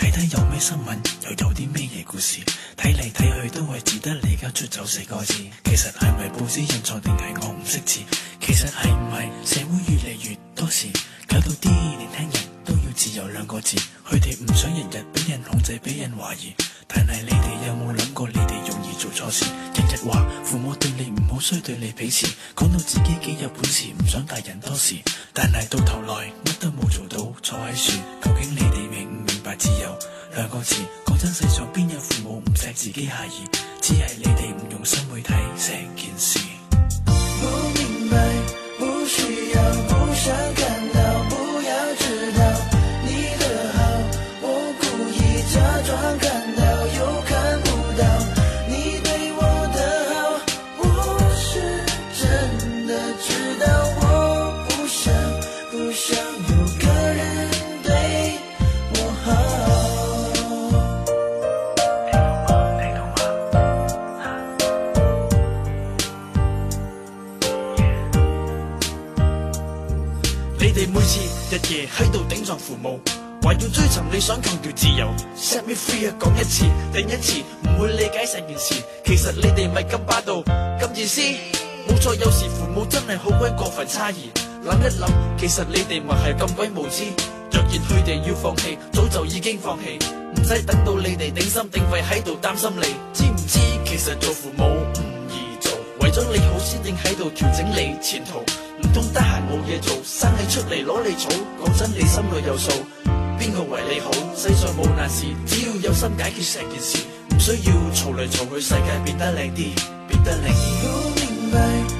睇睇有咩新聞，又有啲咩嘢故事，睇嚟睇去都係只得離家出走四個字。其實係咪報紙印錯定係我唔識字？其實係唔係社會越嚟越多事，搞到啲年輕人都要自由兩個字。佢哋唔想日日俾人控制，俾人懷疑。但係你哋有冇諗過，你哋容易做錯事。日日話父母對你唔好，不衰對你鄙視，講到自己幾有本事，唔想大人多事。但係到頭來乜都冇做到，坐喺樹。究竟你哋明唔明？自由兩個字，講真世上邊有父母唔錫自己孩兒，只係你哋唔用心去睇成件事。不明白，不需要，不想到。日夜喺度頂撞父母，還要追尋你想，強調自由。Set me free，講一次，定一次，唔會理解成件事。其實你哋咪咁霸道，咁自私。冇錯，有時父母真係好鬼過分差異。諗一諗，其實你哋唔係咁鬼無知。若然佢哋要放棄，早就已經放棄。唔使等到你哋頂心頂肺喺度擔心你，知唔知？其實做父母唔易做，為咗你好先定喺度調整你前途。唔通得閒冇嘢做，生你出嚟攞你草。講真，你心裏有數，邊個為你好？世上冇難事，只要有心解決成件事。唔需要嘈嚟嘈去，世界變得靚啲，變得靚。哦，明白。